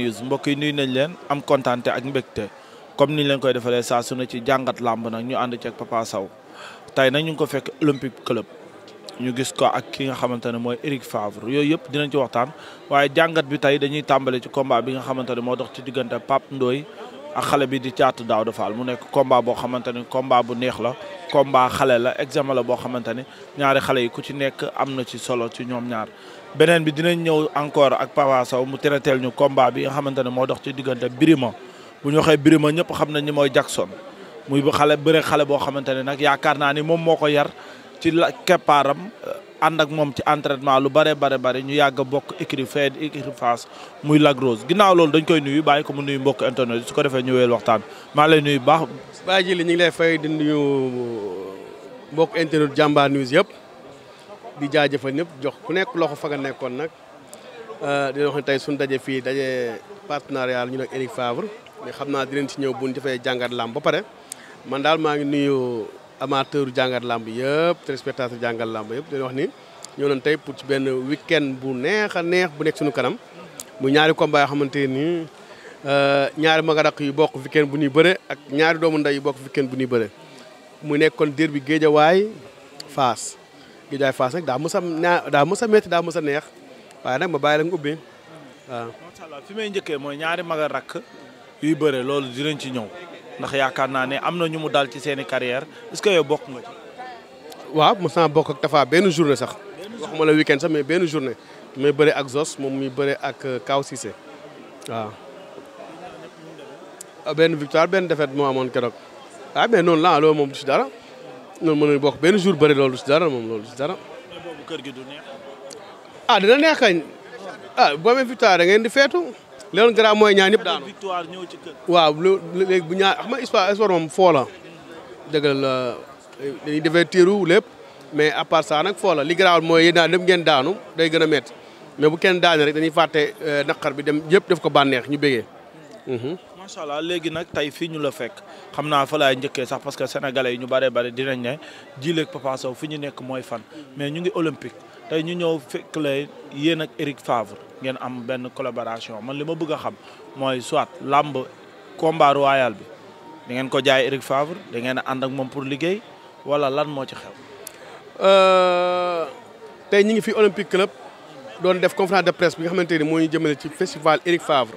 news mbokk yi nuyu nañ leen am kontaante ak mbégte comme niñ leen koy defaree saa su ci jàngat làmb nag ñu ànd ci ak Papa saw tey nag ñu ngi ko fekk Olympique Club ñu gis ko ak ki nga xamante ne mooy Eric Favre yooyu yëpp dinañ ci waxtaan waaye jàngat bi tey dañuy tàmbale ci combat bi nga xamante ne moo dox ci diggante Pape Ndoye ak xale bi di Thiatou Daouda Fall mu nekk combat boo xamante ni combat bu neex la combat xale la examen la boo xamante ni ñaari xale yi ku ci nekk am na ci solo ci ñoom ñaar beneen bi dinañ ñëw encore ak Papa Sow mu tereteel ñu combat bi nga xamante ne moo dox ci diggante Birima bu ñu waxee Birima ñëpp xam nañ ni mooy Jackson muy bu xale bëre xale boo xamante ne nag yaakaar naa ni moom moo ko yar ci la keppaaram euh, ànd ak moom ci entraînement lu bare bare bare ñu yàgg a bokk écurie Faye écurie Fass muy lagros Rose ginnaaw loolu dañ koy nuyu bàyyi ko mu nuyu mbokk internet su ko defee ñëweel waxtaan maa lay nuyu baax. bàyyi ji li ñu ngi lay fay di nuyu mbokk internet Jambaar News yëpp di jaajëfal ñëpp jox ku nekk loxo fa nga nekkoon nag euh, di wax ne tey suñu daje fii daje partenariat ñu ne Eric Favre xam naa di leen ci ñëw bu ñu defee jàngat làmb ba pare man daal maa ngi nuyu. amateur jàngat làmb yëpp téléspectateur jàngat làmb yëpp dañuy wax ni ñoo doon tey pour ci benn week-end bu neex a neex bu nekk sunu kanam mu ñaari combat yoo xamante ni euh, ñaari magarak yu bokk week-end bu ñuy bëre ak ñaari doomu nday yu bokk week bu ñuy bëre mu nekk kon derby Guédiawaye Fass Guédiawaye Fass nag daa mës daa mës a daa mës a neex waaye nag ma bàyyi la nga ubbi waaw. macha allah fi may njëkkee mooy ñaari magarak yuy bëre loolu dinañ ci ñëw. ndax yaakaar naa ne am na ñu mu daal ci seeni i carrière est-ce que bokk nga ci. waaw mos naa bokk ak Tafa benn journée sax. waxuma la week-end sax mais benn journée. may bëre ak Zos moom muy bëre ak euh, Kaw Cissé waaw. Ah, benn victoire benn défaite moo amoon keroog. ah mais noonu laa moom du si dara. noonu mën nañu bokk benn jour bëri loolu du si dara moom loolu du si dara. kër gi du ah dina neex kañ. Ah, victoire da ngeen feetu. li doon mooy ñaar ñëpp daanu waaw lu léegi bu ñaar xam nga sport sport moom foo la dëgg la dañuy defee tiiru lépp mais à part ça nag foo li garaaw mooy yéen daal ñëpp ngeen daanu day gën a métti mais bu kenn daane rek dañuy fàtte euh, naqar bi dem yëpp def ko bànneex ñu bégee mhm. macha allah nak nag tey fii ñu la fekk xam naa fa laay njëkkee sax parce que sénégalais yi ñu bëree bëri dinañ ne Djily ak Papa Sow fi ñu nekk fan mais ñu ngi olympique tey ñu ñëw fekk la yéen ak Eric Favre ngeen am benn collaboration man lima ma bëgg a xam mooy soit làmb combat royal bi da ngeen ko jaay Eric Favre dengan ngeen a ànd ak moom pour liggéey wala lan mo ci xew. Euh, tey ngi fi olympique club doon def conférence de presse bi nga xamante ni moo ci festival Eric Favre.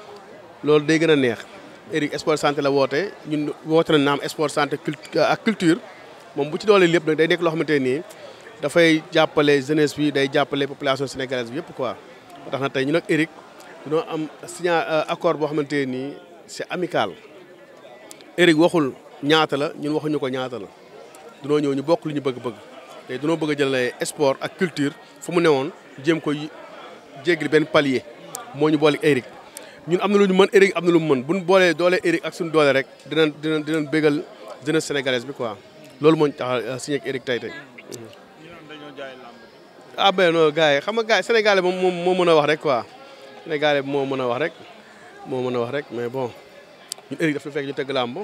loolu day gën a neex Eric sport santé la woote ñun woote na naam sport santé euh, ak culture moom bu ci doole lépp nag day nekk loo xamante nii dafay jàppale jeunesse bi day jàppale population sénégalaise bi yëpp quoi tax na tey ñu nag Eric dañoo am signé euh, accord boo xamante nii c'est amical Eric waxul ñaata la ñun waxuñu ko ñaata la dunoo ñëw ñu bokk li ñu bëgg-bëgg te dunoo bëgg a jëlee sport ak culture fu mu woon jéem ko jéggli benn palier moo ñu boole Eric ñun am na lu ñu mën Eric am na lu mu mën bu ñu boolee doole Eric ak suñu doole rek dinañ dinañ dinañ bégal jeunesse sénégalaise bi quoi loolu moo ñu tax signé ak Eric tey tey. ah ben non gars yi xam nga gars yi sénégalais moom moo mën a wax rek quoi sénégalais moo mën a wax rek moo mën a wax rek mais bon ñun Eric daf fekk ñu teg làmb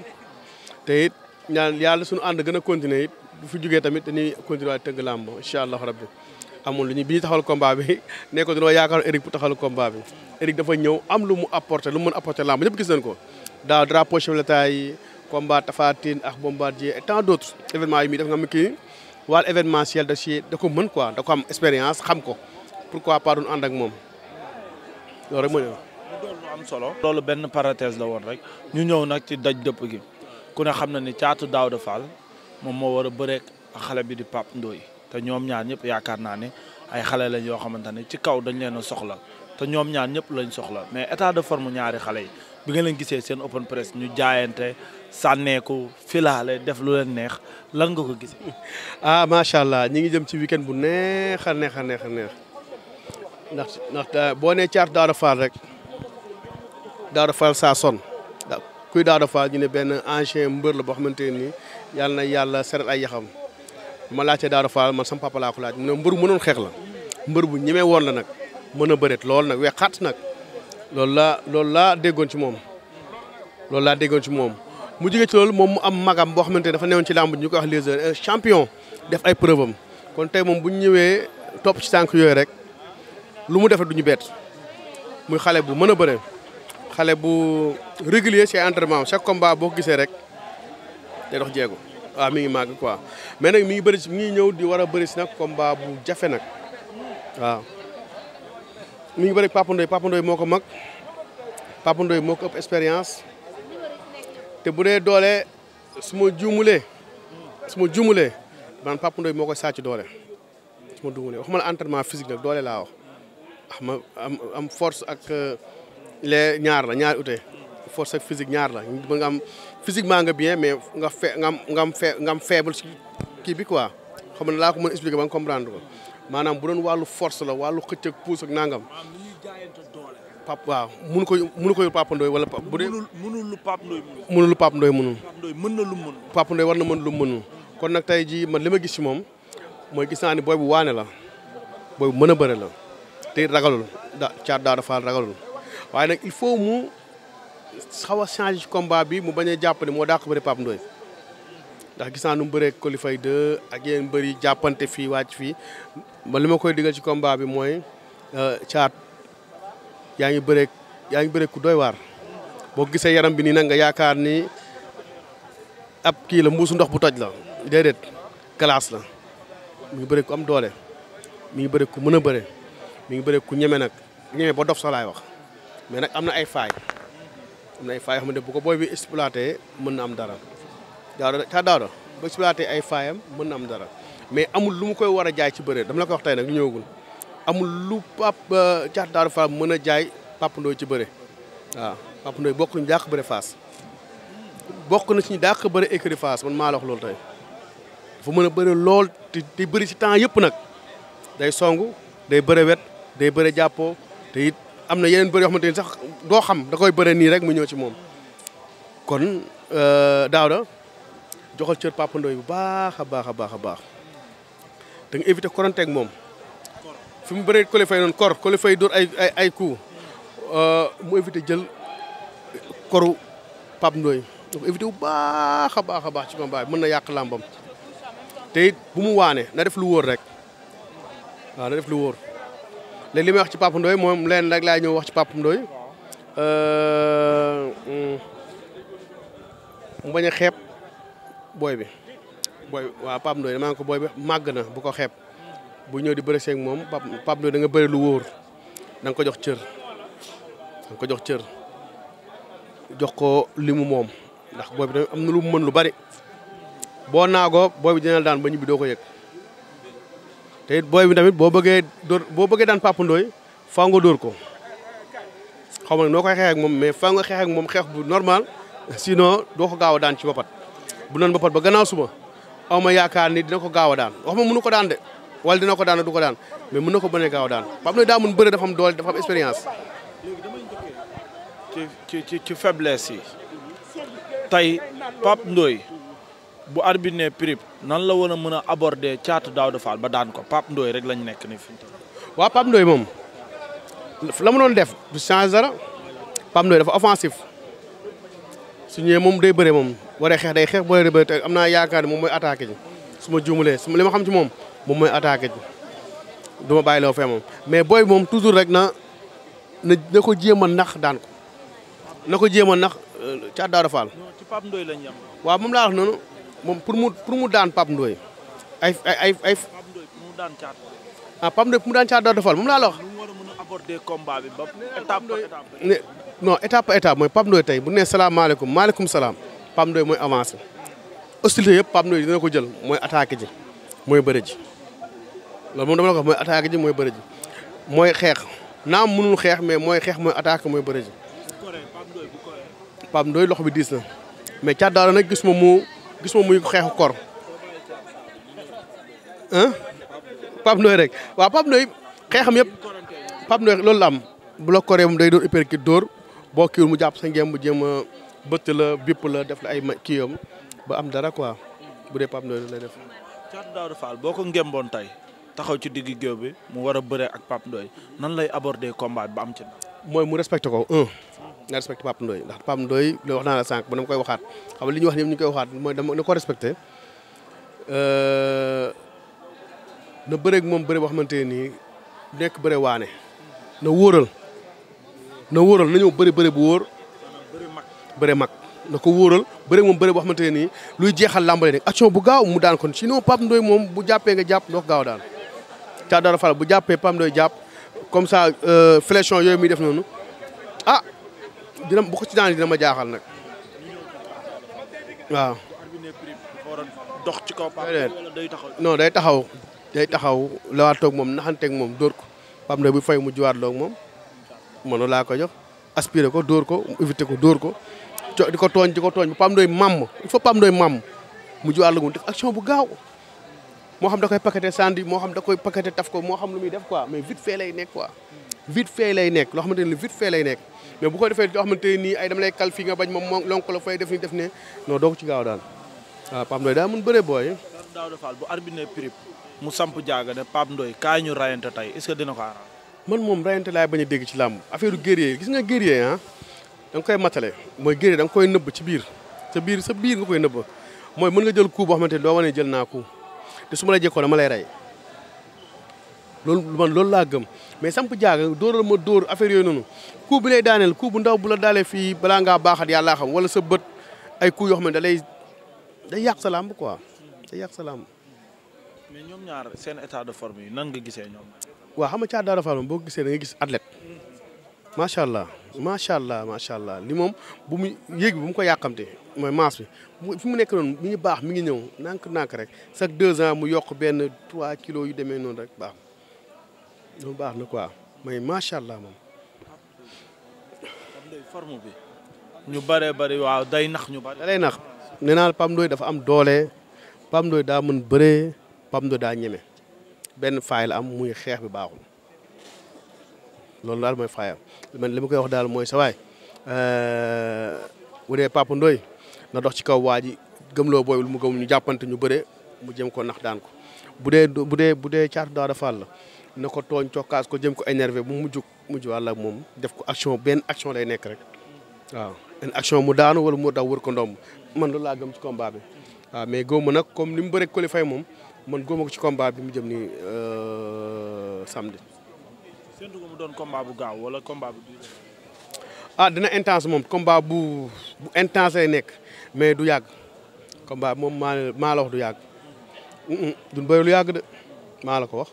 te it ñaan yàlla suñu ànd gën a continuer it bu fi jugee tamit dañuy continuer waay tëgg làmb incha allah rabbi amul lu ñu bi ñu taxawal combat bi ne ko dañoo yaakaar Eric pour taxawal combat bi Eric dafa ñëw am lu mu apporté lu mu mën apporté lamb ñëpp gis nañ ko daaw drapeau chef de l'État yi combat ak Bombardier et tant d' autres événements yi muy def nga xam kii wàll événementiel da ci da ko mën quoi da ko am expérience xam ko pourquoi pas duñ ànd ak moom loolu rek moo ñu solo loolu benn parenthèse la woon rek ñu ñëw nag ci daj dëpp gi ku ne xam na ni caatu daaw de Fall moom moo war a bëreek xale bi di Pape Ndoye te ñoom ñaar ñëpp yaakaar naa ne ay xale lañ yoo xamante ne ci kaw dañ leen a soxla te ñoom ñaar ñëpp lañ soxla mais état de forme ñaari xale yi bi nga leen gisee seen open press ñu jaayante sànneeku filaale def lu leen neex lan nga ko gisee. ah macha allah ñi ngi jëm ci weekend bu neex a neex a neex a ndax ndax euh, boo nee caat Daara Fall rek Daara Fall saa son kuy Daara Fall ñu ne benn ancien mbër la boo xamante ne nii na yàlla seral ay yaxam. bi ma laajtee Daara Fall man sama papa laa ko laaj mu ne mbër bu mënoon xeex la mbër bu ñemee woon la nag mën a bëreet loolu nag xat nag loolu laa loolu laa déggoon ci moom loolu laa déggoon ci moom mu jógee ci loolu moom mu am magam boo xamante ne dafa newoon ci làmb ñu ko wax les euh, def ay preuve am tey moom bu ñu ñëwee topp ci tànk yooyu rek lu mu defee du ñu bett muy xale bu mën a bëre xale bu régulier ci ay entraînement chaque combat boo gisee rek day dox jéego. waaw ah, mi ngi màgg quoi mais nag mi ngi bëri si mi ñëw di war a bëri si nag combat bu jafe nag waaw. mi ngi bëri Papa Ndoye moo ko mag Papa Ndoye moo ko ëpp te bu dee doole su ma juumulee su ma juumulee man Papa moo koy sàcc doole su ma juumulee waxuma la entraînement physique doole laa wax ma am am force ak euh, les ñaar la ñaar ute. force ak physique ñaar la mën nga am physiquement nga bien mais nga fe nga am kii bi quoi xam ne laa ko mën expliquer ba nga comprendre ko maanaam bu doon wàllu force la wàllu xëcc ak puus ak nangam. pap waaw mënu ko mënu wala Pape bu dee. mënul lu Pape Ndoye mënul. mënul lu Pape Ndoye mënul. mën na lu mu mënul. Pape war na mën lu mu kon nag tey jii man li ma gis si moom mooy gis naa ni booy bu waane la booy bu mën a bëre la te ragalul da caat daa dafa ragalul waaye xaw a changé ci combat bi mu bañ a jàpp ne moo dàq bëri Pape Ndoye ndax gis naa nu mu bëree Colifay 2 ak yéen jàppante fii wàcc fii man li ma koy digal ci kombaa bi mooy caat euh, yaa ngi bëree yaa ngi bëree ku doy waar. boo gisee yaram bi nii nag nga yaakaar ni ab kii la mbuusu ndox bu toj la déedéet glace la mi ngi bëree ku am doole mi ngi bëree ku mën a bëre mi ngi bëree ku ñeme nag ñeme ba dof sax wax mais nag am na ay faay. am na ay faay yoo ne bu ko booy bi exploité mën na am dara Daouda Thiatou Daouda bu exploité ay faayam mën na am dara mais amul lu mu koy war a jaay ci bëre dama la ko wax tey nag ñu ñëwagul amul lu Pape Thiatou euh, Daouda Fall mën a jaay Pape Ndoye ci bëre waaw Pape Ndoye bokk nañu dàq bëre Fass bokk na ci ñu dàq bëre écurie Fass man maa la loolu tey dafa mën a bëre lool te te ci temps yëpp nag day song day bëre wet day bëre jàppoo te it am na yeneen bëri yoo xamante ni sax doo xam da koy bëre nii rek mu ñëw ci moom kon euh, Daouda joxal cër Papa Ndoye bu baax a baax a baax a baax da nga éviter koronte moom fi mu bëree Coly Faye noonu kor Coly Faye ay ay ay coup euh, mu éviter jël koru Papa Ndoye da ko éviter bu baax a baax a baax ci combat bi mën na yàq làmbam te bu mu waanee na def lu wóor rek waaw na def lu wóor léegi li may wax ci Pape Ndoye moom leen nag laay ñëw wax ci Pape ndoy euh, hmm. mu bañ booy bi booy waaw Pape Ndoye damaa ko booy màgg na bu ko xeeb bu ñëw di bëre moom Pape Ndoye da nga bëri lu wóor da ko jox cër da ko jox cër jox ko limu moom ndax booy bi tamit am na lu mën lu bari boo naagoo booy bi dina daan ba ñibbi doo ko yëg. te booy bi tamit boo bëggee dóor boo bëggee daan Pape faa faaw nga dóor ko xaw ma noo koy xeex moom mais faaw nga xeex ak moom xeex bu normal sinon doo ko gaaw daan ci bapat bu noon bapat ba gannaaw suba aw ma yaakaar ni dina ko gaaw a daan wax ma mënu ko daan de wala dina ko daan du ko daan mais mun na ko bënee gaaw daan Pape Ndoye daa mun bëre dafa am doole dafa am ci ci ci faiblesse yi tey Pape Ndoye bu arbitre ne prip nan la war a mën a aborder caatu Daouda Fall ba daan ko Pape Ndoye rek lañ nekk nii fi waa toll. waaw Pape Ndoye moom la mu doon def du change dara Pape Ndoye dafa offensif su ñëwee moom day bëree moom waree xeex day xeex boo dee am naa yaakaar ne moom mooy attaqué ji su ma juumalee su li ma xam ci moom moom mooy attaqué ji du bàyyi loo fee moom mais booy moom toujours rek na na na ko jéem a nax daan ko jéem a nax euh, caatu Daouda Fall. noonu. moom pour mu pour mu daan Pape Ndoye ay ay ay. Pape Ndoye pour mu daan caat. ah Pape mu daan caat dafa moom laa la wax. mu war a mën a aborder combat mooy Pape Ndoye tey bu nee salaamaaleykum maaleykum salaam Pape Ndoye mooy avancé. hostilité yëpp Pape Ndoye dina ko jël mooy attaqué ji mooy bëre ji loolu moom dama la mooy attaqué ji mooy bëre mooy xeex naam mënul xeex mais mooy xeex mooy attaqué mooy bëre ji. Pape loxo bi diis na mais caat daal nag gis ma gis moom muy xeexu kor ah Pape rek waa Pape Ndoye xeexam yëpp Pape Ndoye loolu la am bu la koree moom day dóor uppercut dóor boo kiiwul mu jàpp sa ngeen mu jéem a bëtt la bipp la def la ay kiiwam ba am dara quoi bu dee Pape Ndoye la lay def. Thiatou Daouda Fall boo ko ngemboon tey taxaw ci digg géew bi mu war a bëree ak Pape Ndoye nan lay aborder combat bi ba am ci. mooy mu respecte ko na respecté Pape Ndoye ndax Pape Ndoye la wax naa la sànq ba na ma koy waxaat xam li ñu wax ñëpp ñu koy waxaat mooy dama na ko respecté euh, na bëreeg moom bëre boo xamante nii nekk bëre waane na wooral na wooral na ñëw bëri bëri bu wóor bëre mag na ko wooral bëri moom bëri boo xamante ne nii luy jeexal làmbale rek action bu gaaw mu daan kon sinon Pape Ndoye moom bu jàppee nga jàpp ndox gaaw daan caa dara fal bu jàppee Pape Ndoye jàpp comme ça euh, flexion yooyu muy def noonu ah, dina bu ko ci daan dina ma jaaxal nag waaw. dox ci kaw Pape Ndoye wala day taxaw. day taxaw day taxaw lawaatoog moom naxanteeg moom dóor ko Pape Ndoye bu fay mu jiwaat loog moom mënu laa ko jox aspiré ko door ko évité ko dóor ko di ko tooñ di ko tooñ Pape Ndoye mamm il faut Pape Ndoye mamm mu jiwaat loog moom def action bu gaaw moo xam da koy sandi moo xam da koy taf ko moo xam lu muy def quoi mais vite fait lay nekk quoi vite fait lay nekk loo xamante ne vite fait lay nekk mais bu ko defee doo xamante nii ay dama lay kal moom moom lonk la fay def ni ne non doo ko ci gaaw daal waaw Pape Ndoye daa mun bëree booy. mu samp jaaga ne Pape Ndoye kaay ñu rayante tey est-ce que dina man moom rayante laay bañ a dégg ci làmb affaire guerrier gis nga guerrier ah da koy matale mooy guerrier da nga koy nëbb ci biir sa biir sa biir nga koy nëbb mooy mën nga jël coup boo xamante ni doo wane jël naa coup te su ma la jekkoo dama lay rey loolu man loolu laa gëm mais samp jaaga dóoral ma dóor affaire yooyu noonu coup bi lay daaneel coup bu ndaw bu la daalee fii balaa ngaa baaxat yàllaa xam wala sa bët ay coup yoo xam ne da lay day yàq sa làmb quoi day yàq sa làmb. mais ñoom ñaar seen état de forme yi nan nga gisee ñoom. waaw xam caa daara forme boo gisee da gis athlète macha allah macha macha allah li moom bu mu yéeg bu mu ko yàqamte mooy masse bi fi mu nekk noonu mi ngi baax mi ngi ñëw nànk nànk rek chaque deux ans mu yokk benn trois kilos yu demee noonu rek baax. lu baax na ko mais macha allah moom. forme bi ñu bëree bëri waaw day nax ñu bëri. nax nee naa Pape Ndoye dafa am doole Pape Ndoye daa mën bëree Pape Ndoye daa ñeme benn faay la am muy xeex bi baaxul loolu daal mooy faayam man li koy wax daal mooy sa waay euh, bu dee Pape Ndoye na dox ci kaw waa ji loo booy lu mu gëm ñu jàppante ñu bëree mu jëm ko nax daan ko bu dee bu dee bu dee caatu daara faal la. na ko tooñ cokkaas ko jëm bu mujj mujj wàll moom def ko action benn action lay nekk rek waaw benn action mu daanu wala mu daw wër ko ndomb man loolu laa gëm ci combat mais góoma nag comme ni mu bëre Coly moom man góoma ci combat bi mu jëm ni euh, samedi. séntu ko doon combat bu gaaw wala combat bu. ah dina intense moom combat bu bu intense nekk mais du yàgg combat moom maa maa la wax du yàgg duñ bëri lu yàgg de maa ko wax.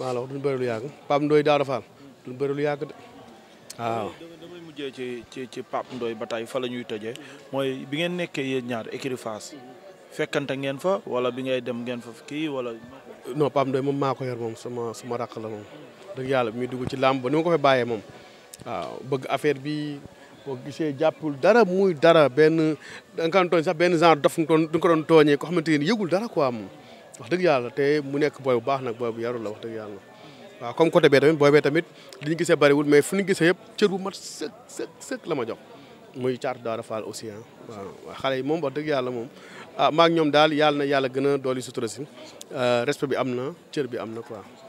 maa la wax lu yàgg Pape ndooy Daara fa duñ bëri lu yàgg de waaw. damay mujjee ci ci ci Pape ba tey fa la ñuy tëjee mooy bi ngeen nekkee yéen ñaar écurie Fass fekkante ngeen fa wala bi ngay dem ngeen fa kii wala. non Pape Ndoye moom maa ko yor moom sama sama rakk la moom. dëgg yàlla bi muy dugg ci làmb ba ni ma ko fa bàyyee moom waaw bëgg affaire bi boo gisee jàppul dara muy dara benn da nga ko doon tooñ sax benn genre dof nga ko doon tooñee ko xamante ne yëgul dara quoi moom. wax dëgg yàlla te mu nekk booy bu baax nag booy bu yarul la wax dëgg yàlla waaw comme côté bee tamit booy bee tamit li ñu gisee bëriwul mais fu ñu gisee yëpp cër bu mat sëkk sëkk sëkk la ma jox muy caatu daara faal aussi ah waaw xale yi moom wax dëgg yàlla moom ah maa ñoom daal yàlla na yàlla gën a dooli sutura si euh, respect bi am na cër bi am na quoi